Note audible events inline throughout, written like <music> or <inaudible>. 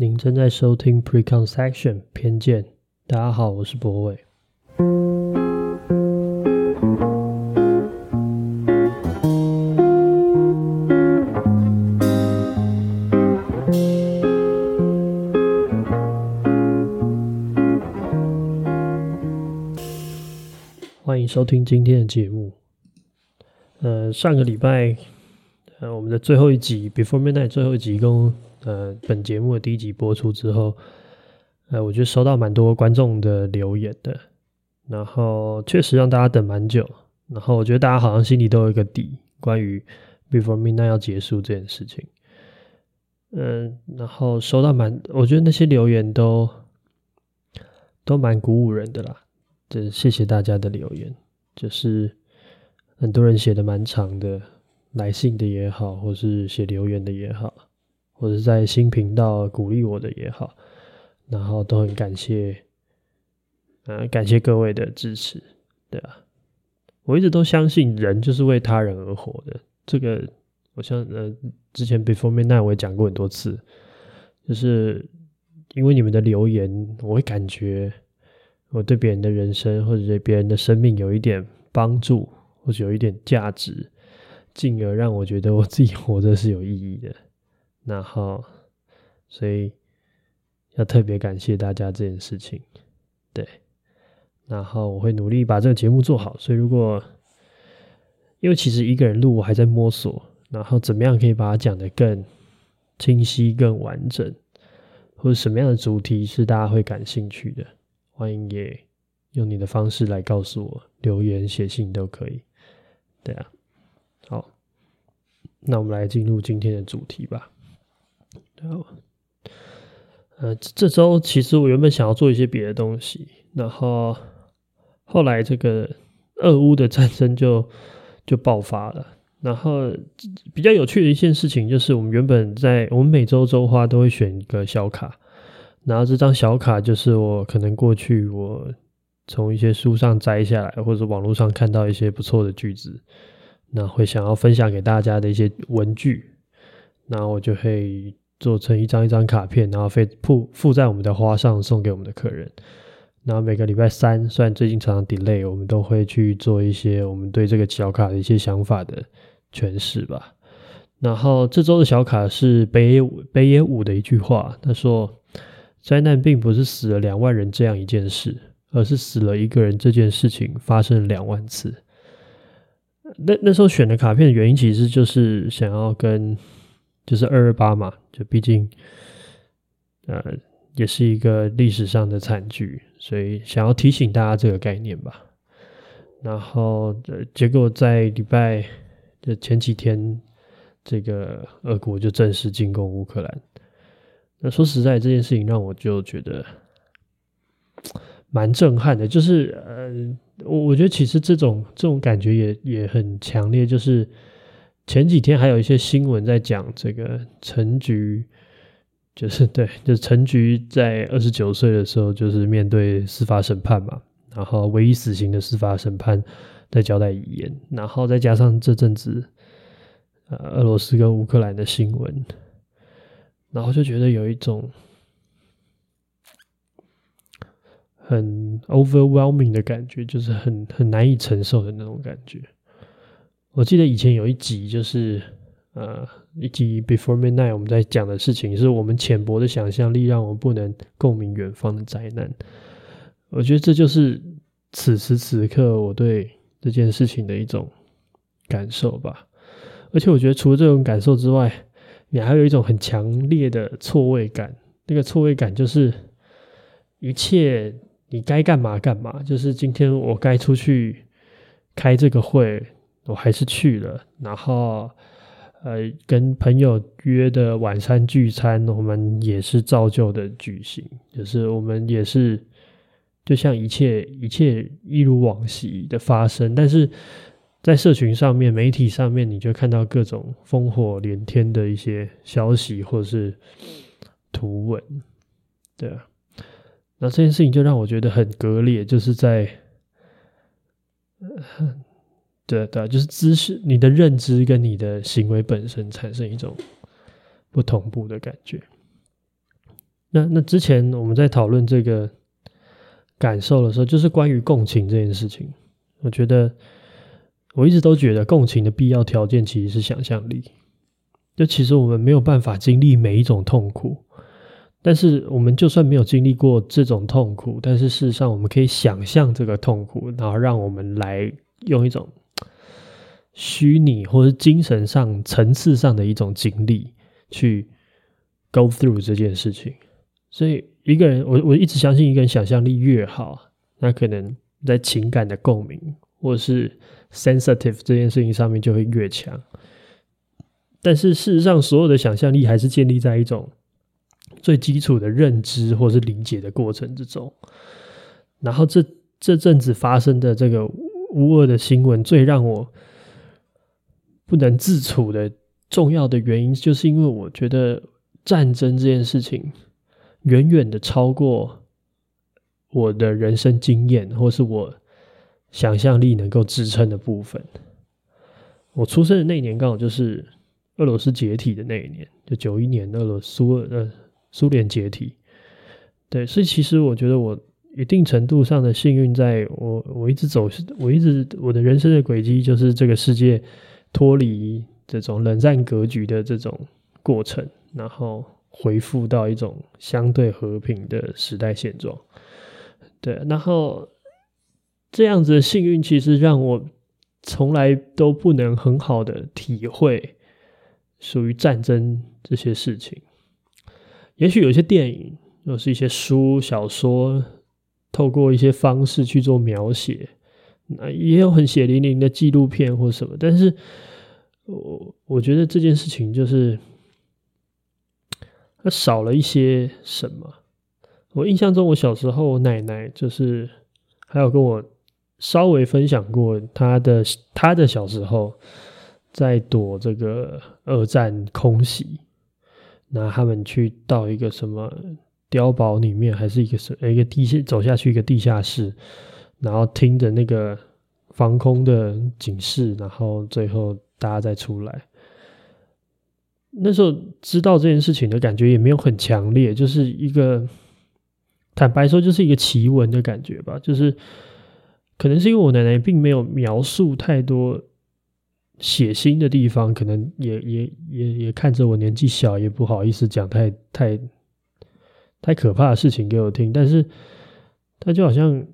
您正在收聽《Preconception》偏見。大家好，我是博偉。歡迎收聽今天的節目。呃，上個禮拜，在最後一集《Before Midnight》最後一集跟呃本節目的第一集播出之後，呃，我覺得收到蠻多觀眾的留言的，然後確實讓大家等蠻久，然後我覺得大家好像心裡都有一個底，關於《Before Midnight》要結束這件事情。嗯，然後收到蠻，我覺得那些留言都都蠻鼓舞人的啦，就是謝謝大家的留言，就是很多人寫的蠻長的。來信的也好，或是寫留言的也好，或者是在新頻道鼓勵我的也好，然後都很感謝，啊、呃，感謝各位的支持，對啊，我一直都相信，人就是為他人而活的。這個，我像呃，之前 Before Me Now 我也講過很多次，就是因為你們的留言，我會感覺我對別人的人生，或者是別人的生命，有一點幫助，或者有一點價值。進而讓我覺得我自己活着是有意義的，然後，所以要特別感謝大家這件事情，對，然後我會努力把這個節目做好。所以如果，因為其實一個人錄，我還在摸索，然後怎麼樣可以把它講得更清晰、更完整，或者什麼樣的主題是大家會感興趣的，歡迎也用你的方式來告訴我，留言、寫信都可以。對啊。好，那我們來進入今天的主題吧。對啊，呃，這周其實我原本想要做一些別的東西，然後後來這個俄烏的戰爭就就爆發了。然後比較有趣的一件事情就是，我們原本在我們每周周花都會選一個小卡，然後這張小卡就是我可能過去我從一些書上摘下來，或者網絡上看到一些不錯的句子。那會想要分享給大家的一些文具，那我就會做成一張一張卡片，然後附附附在我們的花上送給我們的客人。然後每個禮拜三，雖然最近常常 delay，我們都會去做一些我們對這個小卡的一些想法的詮釋吧。然後這周的小卡是北野武北野武的一句話，他說：“災難並不是死了兩萬人這樣一件事，而是死了一個人這件事情發生了兩萬次。”那那時候選的卡片的原因，其實就是想要跟，就是二二八嘛，就畢竟，呃，也是一個歷史上的慘劇，所以想要提醒大家這個概念吧。然後，呃，結果在禮拜的前幾天，這個俄國就正式進攻烏克蘭。那說實在，這件事情讓我就覺得蠻震撼的，就是呃。我我覺得其實這種這種感覺也也很強烈，就是前幾天還有一些新聞在講這個陳菊，就是對，就是陳菊在二十九歲的時候，就是面對司法審判嘛，然後唯一死刑的司法審判在交代遺言，然後再加上這陣子呃俄羅斯跟烏克蘭的新聞，然後就覺得有一種。很 overwhelming 的感覺，就是很很難以承受的那種感覺。我記得以前有一集，就是呃，一集 Before Midnight 我們在講的事情，是我們淺薄的想象力讓我們不能共鳴遠方的災難。我覺得這就是此時此刻我對這件事情的一種感受吧。而且我覺得除了這種感受之外，你還有一種很強烈的錯位感，那個錯位感就是一切。你該幹嘛幹嘛，就是今天我該出去開這個會，我還是去了。然後，呃，跟朋友約的晚餐聚餐，我們也是照舊的舉行，就是我們也是就像一切一切一如往昔的發生。但是在社群上面、媒體上面，你就看到各種烽火連天的一些消息，或是圖文，對啊。那這件事情就讓我覺得很割裂，就是在，呃，對對，就是知識，你的認知跟你的行為本身產生一種不同步的感覺。那那之前我們在討論這個感受的時候，就是關於共情這件事情，我覺得我一直都覺得共情的必要條件其實是想象力，就其實我們沒有辦法經歷每一種痛苦。但是我們就算沒有經歷過這種痛苦，但是事實上我們可以想象這個痛苦，然後讓我們來用一種虛擬或者精神上層次上的一種經歷去 go through 這件事情。所以一個人，我我一直相信，一個人想象力越好，那可能在情感的共鳴或者是 sensitive 這件事情上面就會越強。但是事實上，所有的想象力還是建立在一種。最基礎的認知或是理解的過程之中，然後這這陣子發生的這個烏俄的新聞，最讓我不能自處的重要的原因，就是因為我覺得戰爭這件事情遠遠的超過我的人生經驗或是我想象力能夠支撐的部分。我出生的那一年剛好就是俄羅斯解體的那一年，就九一年，俄羅斯呃。蘇聯解體，對，所以其實我覺得我一定程度上的幸運，在我我一直走，我一直我的人生的軌跡就是這個世界脫離這種冷戰格局的這種過程，然後恢復到一種相對和平的時代現狀。對，然後這樣子的幸運，其實讓我從來都不能很好的體會屬於戰爭這些事情。也許有些電影，又、就是一些書、小說，透過一些方式去做描寫，那也有很血淋淋的紀錄片或什麼。但是，我我覺得這件事情就是，它少了一些什麼。我印象中，我小時候我奶奶就是，還有跟我稍微分享過她的她的小時候，在躲這個二戰空襲。拿他們去到一個什麼碉堡裡面，還是一個是一個地下走下去一個地下室，然後聽着那個防空的警示，然後最後大家再出來。那時候知道這件事情的感覺也沒有很強烈，就是一個坦白說就是一個奇聞的感覺吧，就是可能是因為我奶奶並沒有描述太多。血腥的地方，可能也也也也看着我年紀小，也不好意思講太太太可怕的事情給我聽。但是，他就好像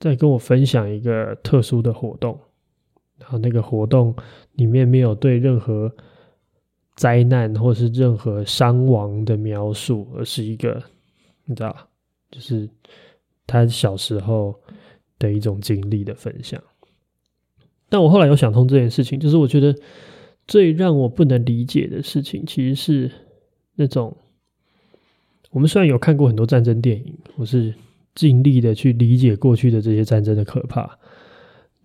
在跟我分享一個特殊的活動，然後那個活動裡面沒有對任何災難或是任何傷亡的描述，而是一個你知道，就是他小時候的一種經歷的分享。但我後來有想通這件事情，就是我覺得最讓我不能理解的事情，其實是那種我們雖然有看過很多戰爭電影，我是盡力的去理解過去的這些戰爭的可怕，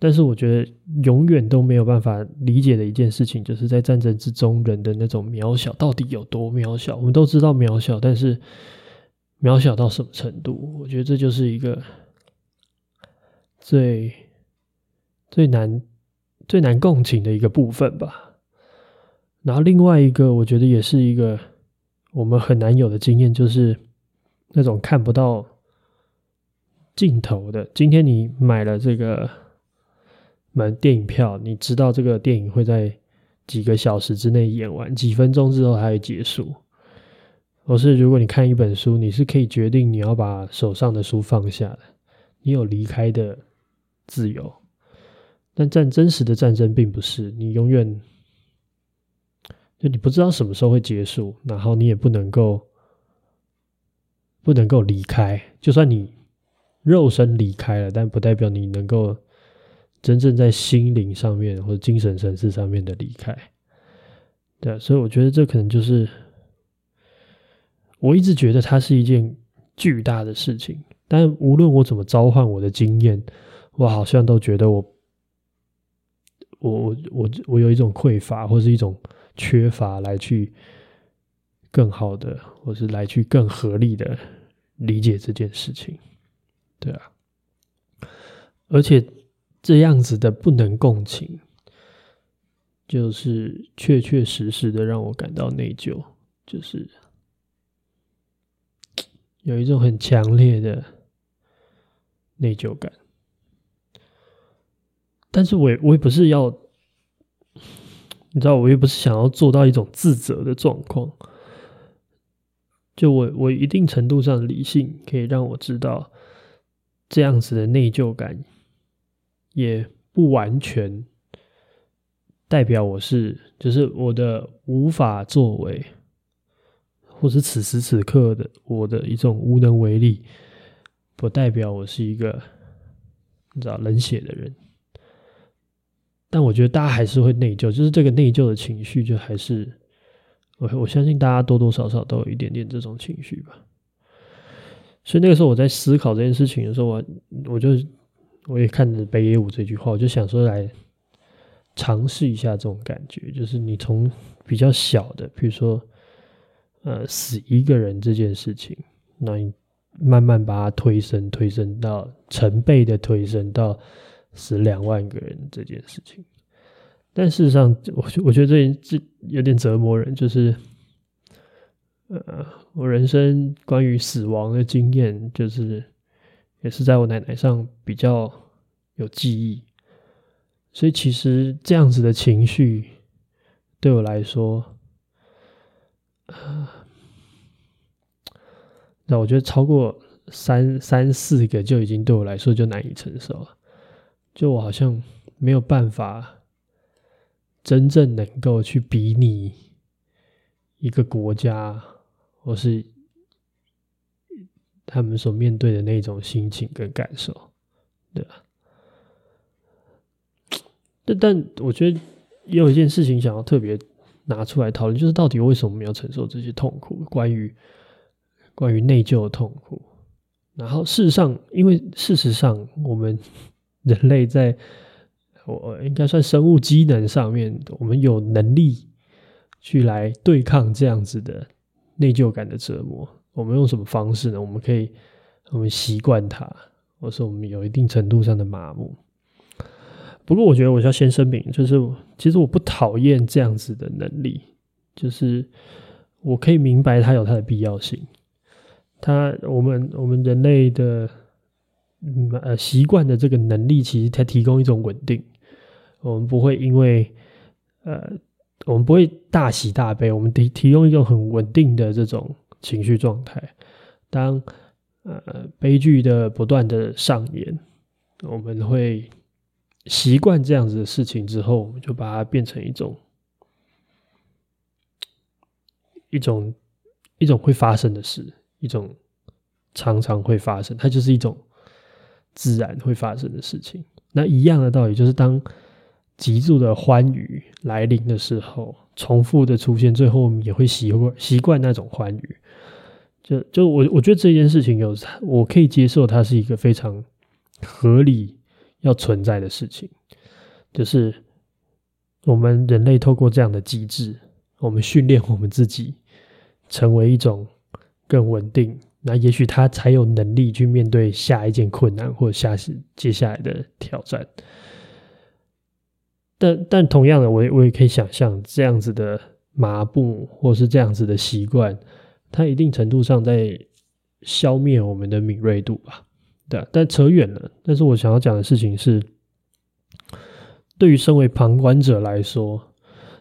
但是我覺得永遠都沒有辦法理解的一件事情，就是在戰爭之中人的那種渺小到底有多渺小。我們都知道渺小，但是渺小到什麼程度？我覺得這就是一個最最難。最難共情的一個部分吧，然後另外一個，我覺得也是一個我們很難有的經驗，就是那種看不到盡頭的。今天你買了這個買電影票，你知道這個電影會在幾個小時之內演完，幾分鐘之後它會結束。而是如果你看一本書，你是可以決定你要把手上的書放下的，你有離開的自由。但戰真實的戰爭並不是你，永遠就你不知道什麼時候會結束，然後你也不能夠不能夠離開。就算你肉身離開了，但不代表你能夠真正在心靈上面或者精神層次上面的離開。對，所以我覺得這可能就是我一直覺得它是一件巨大的事情。但無論我怎麼召喚我的經驗，我好像都覺得我。我我我我有一種匱乏或是一種缺乏來去更好的，或是來去更合理的理解這件事情，對啊，而且這樣子的不能共情，就是確確實實的讓我感到內疚，就是有一種很強烈的內疚感。但是我也，我我也不是要，你知道，我也不是想要做到一種自責的狀況。就我我一定程度上理性可以讓我知道，這樣子的內疚感也不完全代表我是，就是我的無法作為，或是此時此刻的我的一種無能為力，不代表我是一個你知道冷血的人。但我覺得大家還是會內疚，就是這個內疚的情緒，就還是我我相信大家多多少少都有一點點這種情緒吧。所以那個時候我在思考這件事情的時候，我我就我也看着北野武這句話，我就想說來嘗試一下這種感覺，就是你從比較小的，比如說呃死一個人這件事情，那你慢慢把它推升、推升到成倍的推升到。死兩萬個人這件事情，但事實上，我我覺得這這有點折磨人。就是，呃，我人生關於死亡的經驗，就是也是在我奶奶上比較有記憶，所以其實這樣子的情緒對我來說，呃，那我覺得超過三三四個就已經對我來說就難以承受了。就我好像沒有辦法真正能夠去比擬一個國家，或是他們所面對的那種心情跟感受，對吧？但但我覺得也有一件事情想要特別拿出來討論，就是到底為什麼我們要承受這些痛苦？關於關於內疚的痛苦。然後事實上，因為事實上我們。人類在，我應該算生物機能上面，我們有能力去來對抗這樣子的內疚感的折磨。我們用什麼方式呢？我們可以，我們習慣它，或是我們有一定程度上的麻木。不過，我覺得我要先聲明，就是其實我不討厭這樣子的能力，就是我可以明白它有它的必要性。它，我們，我們人類的。呃，習慣的這個能力，其實它提供一種穩定。我們不會因為呃，我們不會大喜大悲，我們提提供一種很穩定的這種情緒狀態。當呃悲劇的不斷的上演，我們會習慣這樣子的事情之後，就把它變成一種一種一種會發生的事，一種常常會發生，它就是一種自然會發生的事情。那一樣的道理，就是當極度的歡愉來臨的時候，重複的出現，最後我們也會習慣習慣那種歡愉。就就我我覺得這件事情有我可以接受，它是一個非常合理要存在的事情。就是我們人類透過這樣的機制，我們訓練我們自己成為一種更穩定。那也許他才有能力去面對下一件困難或者下次接下來的挑戰，但但同樣的，我也我也可以想象這樣子的麻木或是這樣子的習慣，它一定程度上在消滅我們的敏銳度吧。對，但扯遠了。但是我想要講的事情是，對於身為旁觀者來說，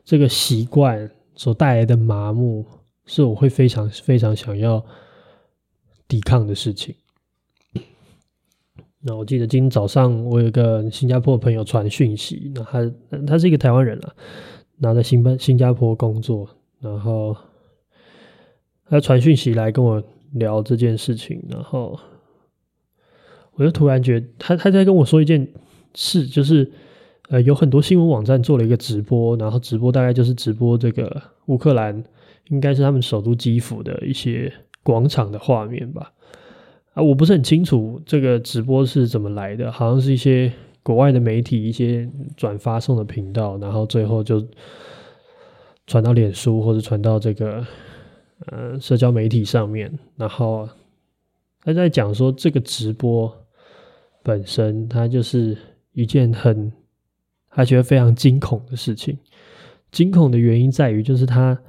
這個習慣所帶來的麻木，是我會非常非常想要。抵抗的事情。那我記得今天早上，我有個新加坡朋友傳訊息，那他他是一個台灣人啦、啊，拿在新班新加坡工作，然後他傳訊息來跟我聊這件事情，然後我就突然覺得他他在跟我說一件事，就是呃有很多新聞網站做了一個直播，然後直播大概就是直播這個烏克蘭，應該是他們首都基輔的一些。廣場的畫面吧，啊，我不是很清楚這個直播是怎麼來的，好像是一些國外的媒體一些轉發送的頻道，然後最後就傳到臉書或者傳到這個呃社交媒體上面，然後他、啊、在講說這個直播本身，他就是一件很他覺得非常驚恐的事情，驚恐的原因在於就是他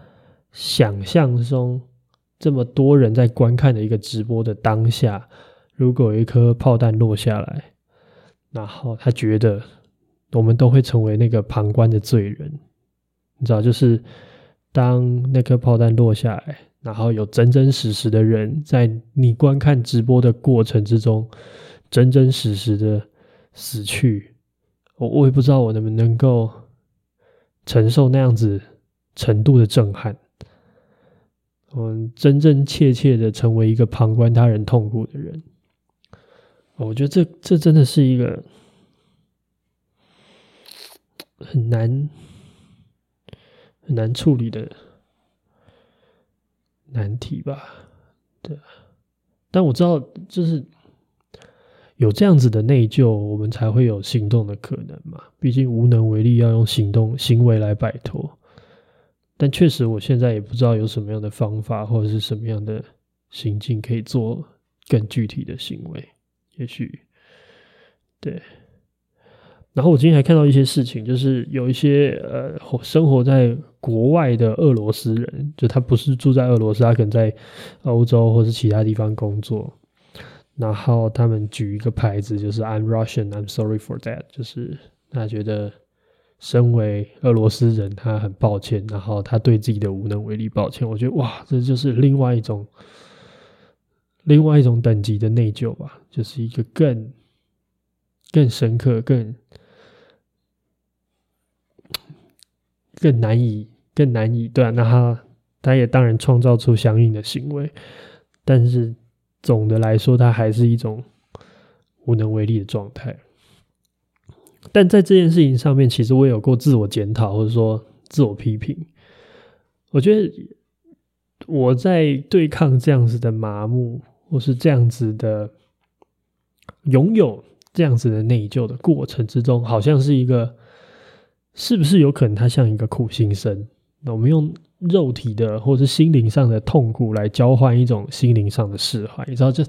想象中。這麼多人在觀看的一個直播的當下，如果有一顆炮彈落下來，然後他覺得我們都會成為那個旁觀的罪人。你知道，就是當那顆炮彈落下來，然後有真真實實的人在你觀看直播的過程之中，真真實實的死去。我我也不知道我能不能夠承受那樣子程度的震撼。嗯，真真切切的成為一個旁觀他人痛苦的人，我覺得這這真的是一個很難很難處理的難題吧？對。但我知道，就是有這樣子的內疚，我們才會有行動的可能嘛。畢竟無能為力，要用行動行為來擺脫。但確實，我現在也不知道有什麼樣的方法，或者是什麼樣的行徑可以做更具體的行為。也許，對。然後我今天還看到一些事情，就是有一些呃，生活在國外的俄羅斯人，就他不是住在俄羅斯，他可能在歐洲或是其他地方工作。然後他們舉一個牌子，就是 "I'm Russian, I'm sorry for that"，就是他覺得。身為俄羅斯人，他很抱歉，然後他對自己的無能為力抱歉。我覺得哇，這就是另外一種，另外一種等級的內疚吧，就是一個更、更深刻、更、更難以、更難以斷、啊。那他他也當然創造出相應的行為，但是總的來說，他還是一種無能為力的狀態。但在這件事情上面，其實我有過自我檢討，或者說自我批評。我覺得我在對抗這樣子的麻木，或是這樣子的擁有這樣子的內疚的過程之中，好像是一個，是不是有可能它像一個苦行僧？那我們用肉體的或是心靈上的痛苦來交換一種心靈上的釋懷，你知道這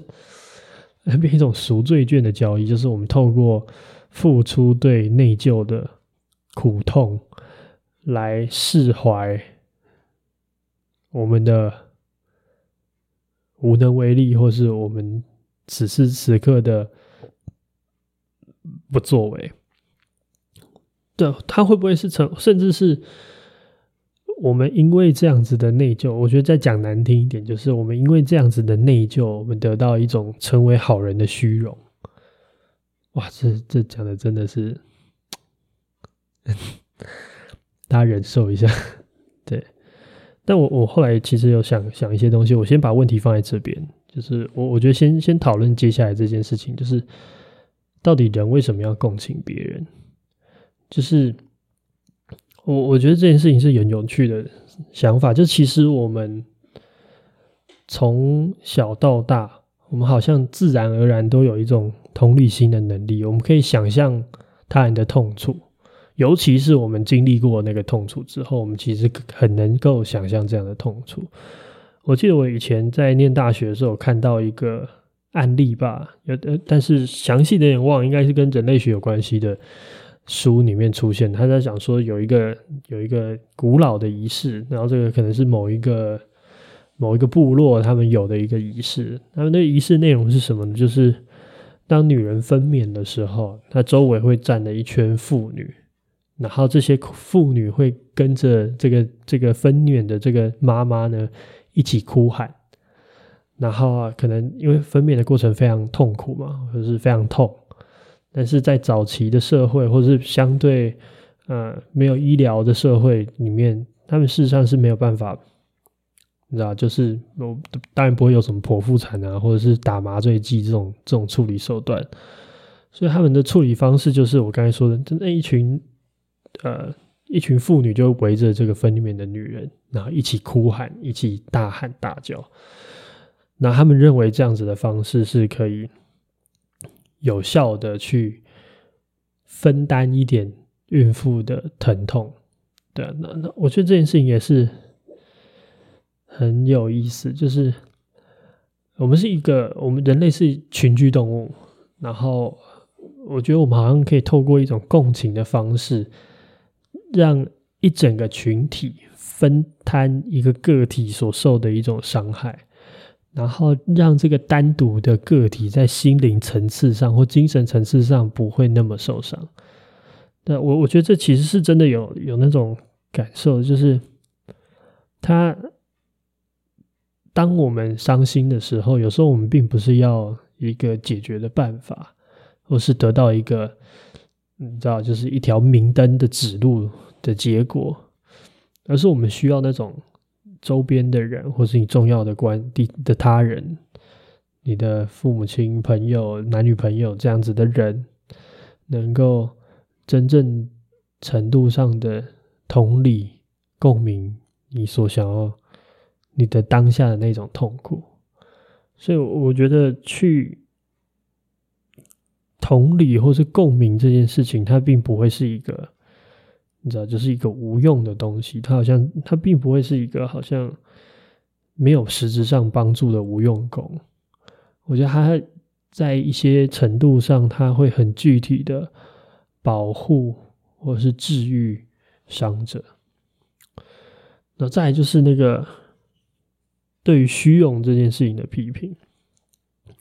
變成一種贖罪券的交易，就是我們透過。付出對內疚的苦痛，來釋懷我們的無能為力，或是我們此時此刻的不作為。對，他會不會是成，甚至是我們因為這樣子的內疚，我覺得再講難聽一點，就是我們因為這樣子的內疚，我們得到一種成為好人的虛榮。哇，這這講的真的是， <laughs> 大家忍受一下，對。但我我後來其實有想想一些東西，我先把問題放在這邊，就是我我覺得先先討論接下來這件事情，就是到底人為什麼要共情別人？就是我我覺得這件事情是很有趣的想法，就其實我們從小到大。我們好像自然而然都有一種同理心的能力，我們可以想象他人的痛楚，尤其是我們經歷過那個痛楚之後，我們其實很能夠想象這樣的痛楚。我記得我以前在念大學的時候，看到一個案例吧，有，呃，但是詳細的點忘，應該是跟人類學有關係的書裡面出現。他在講說有一個有一個古老的儀式，然後這個可能是某一個。某一個部落，他們有的一個儀式，他們的儀式內容是什麼呢？就是當女人分娩的時候，她周圍會站了一圈婦女，然後這些婦女會跟着這個這個分娩的這個媽媽呢一起哭喊。然後、啊、可能因為分娩的過程非常痛苦嘛，或者是、就是非常痛，但是在早期的社會或者是相對嗯、呃、沒有醫療的社會裡面，他們事實上是沒有辦法。你知道就是我當然不會有什麼剖腹產啊，或者是打麻醉劑這種這種處理手段，所以他們的處理方式就是我剛才說的，真的一、呃，一群呃一群婦女就圍着這個墳裡面的女人，然後一起哭喊，一起大喊大叫，那他們認為這樣子的方式是可以有效的去分擔一點孕婦的疼痛。對，那那我覺得這件事情也是。很有意思，就是我們是一個，我們人類是群居動物。然後，我覺得我們好像可以透過一種共情的方式，讓一整個群體分攤一個個體所受的一種傷害，然後讓這個單獨的個體在心靈層次上或精神層次上不會那麼受傷。那我我覺得這其實是真的有有那種感受，就是他。當我們傷心的時候，有時候我們並不是要一個解決的辦法，或是得到一個你知道，就是一條明燈的指路的結果，而是我們需要那種周邊的人，或是你重要的關的他人，你的父母親、朋友、男女朋友這樣子的人，能夠真正程度上的同理、共鳴你所想要。你的當下的那種痛苦，所以我覺得去同理或是共鳴這件事情，它並不會是一個，你知道，就是一個無用的東西。它好像它並不會是一個好像沒有實質上幫助的無用功。我覺得它在一些程度上，它會很具體的保護或者是治癒傷者。那再就是那個。對於虛榮這件事情的批評，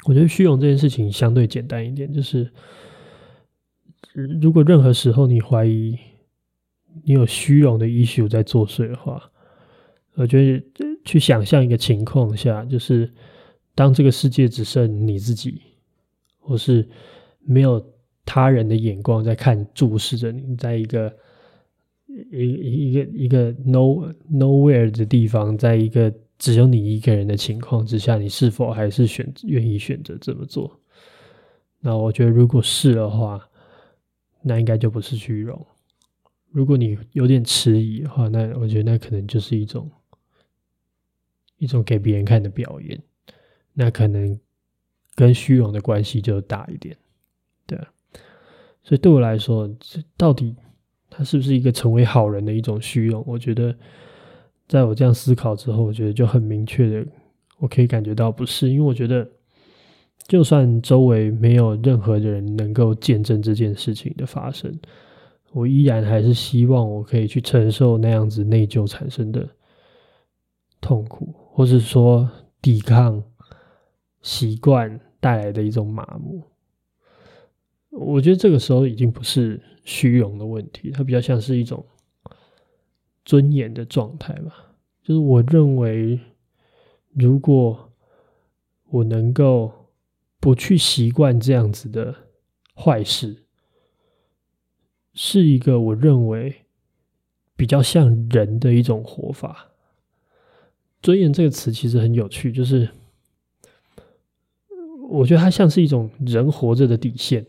我覺得虛榮這件事情相對簡單一點。就是如果任何時候你懷疑你有虛榮的 issue 在作祟的話，我覺得去想象一個情況下，就是當這個世界只剩你自己，或是沒有他人的眼光在看注視着你，在一個一一個一個 no nowhere 的地方，在一個。只有你一個人的情況之下，你是否還是選願意選擇這麼做？那我覺得，如果是的話，那應該就不是虛榮。如果你有點遲疑的話，那我覺得那可能就是一種一種給別人看的表演，那可能跟虛榮的關係就大一點。對啊，所以對我來說，這到底他是不是一個成為好人的一種虛榮？我覺得。在我這樣思考之後，我覺得就很明確的，我可以感覺到不是，因為我覺得，就算周圍沒有任何人能夠見證這件事情的發生，我依然還是希望我可以去承受那樣子內疚產生的痛苦，或是說抵抗習慣帶來的一種麻木。我覺得這個時候已經不是虛榮的問題，它比較像是一種。尊嚴的狀態吧，就是我認為，如果我能夠不去習慣這樣子的壞事，是一個我認為比較像人的一種活法。尊嚴這個詞其實很有趣，就是我覺得它像是一種人活着的底線，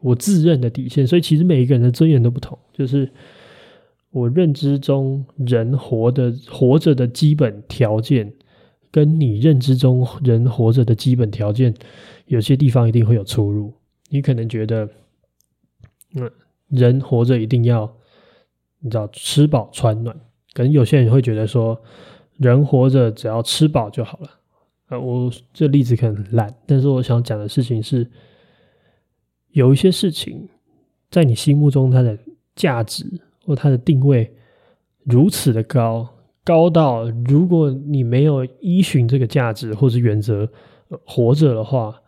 我自認的底線，所以其實每一個人的尊嚴都不同，就是。我認知中人活的活着的基本條件，跟你認知中人活着的基本條件，有些地方一定會有出入。你可能覺得，嗯，人活着一定要，你知道吃飽穿暖。可能有些人會覺得說，人活着只要吃飽就好了。啊，我這例子可能很爛，但是我想講的事情是，有一些事情在你心目中它的價值。或它的定位如此的高，高到如果你沒有依循這個價值或是原則、呃、活着的話，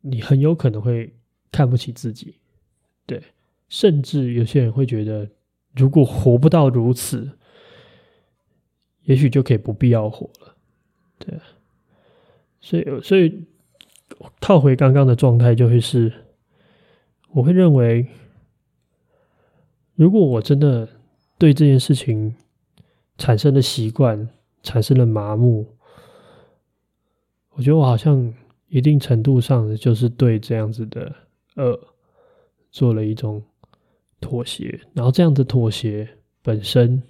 你很有可能會看不起自己，對，甚至有些人會覺得，如果活不到如此，也許就可以不必要活了，對。所以，所以套回剛剛的狀態，就會是，我會認為。如果我真的對這件事情產生了習慣，產生了麻木，我覺得我好像一定程度上就是對這樣子的惡做了一種妥協，然後這樣子妥協本身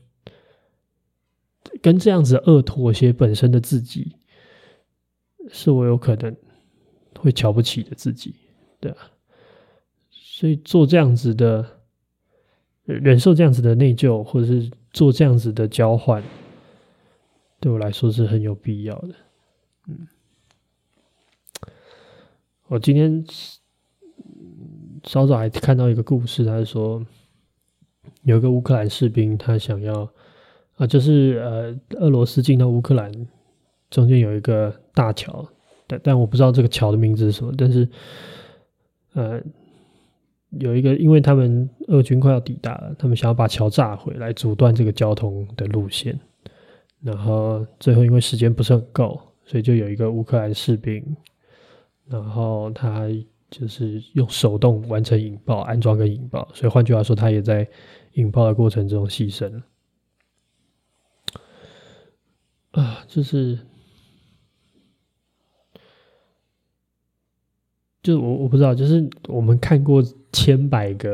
跟這樣子惡妥協本身的自己，是我有可能會瞧不起的自己，對啊，所以做這樣子的。忍受這樣子的內疚，或者是做這樣子的交換，對我來說是很有必要的。嗯，我今天稍早還看到一個故事，他說有個烏克蘭士兵，他想要啊，就是呃，俄羅斯進到烏克蘭，中間有一個大橋，但但我不知道這個橋的名字是什麼，但是呃。有一個，因為他們俄軍快要抵達了，他們想要把橋炸毀來阻斷這個交通的路線。然後最後因為時間不是很夠，所以就有一個烏克蘭士兵，然後他就是用手動完成引爆、安裝跟引爆。所以換句話說，他也在引爆的過程中犧牲了。啊，就是，就我我不知道，就是我們看過。千百個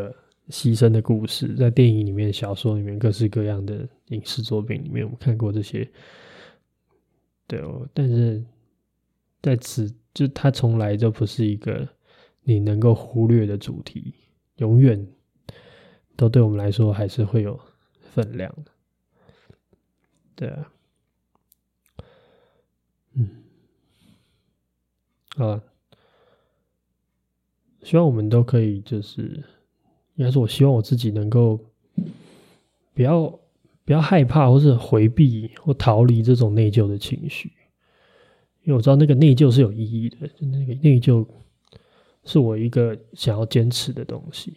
犧牲的故事，在電影裡面、小說裡面、各式各樣的影視作品裡面，我們看過這些。對哦，但是在此，就它從來就不是一個你能夠忽略的主題，永遠都對我們來說還是會有分量的。對啊，嗯，好了。希望我們都可以，就是應該是我希望我自己能夠不要、不要害怕，或是回避或逃離這種內疚的情緒，因為我知道那個內疚是有意義的，就是那個內疚是我一個想要堅持的東西。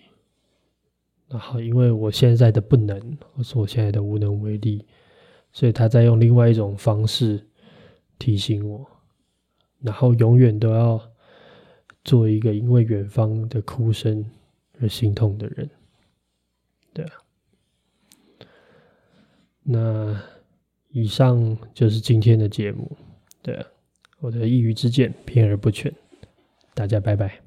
然後，因為我現在的不能，或是我現在的無能為力，所以他在用另外一種方式提醒我，然後永遠都要做一個因為遠方的哭聲而心痛的人，對。那以上就是今天的節目，對。我的一隅之見，偏而不全。大家拜拜。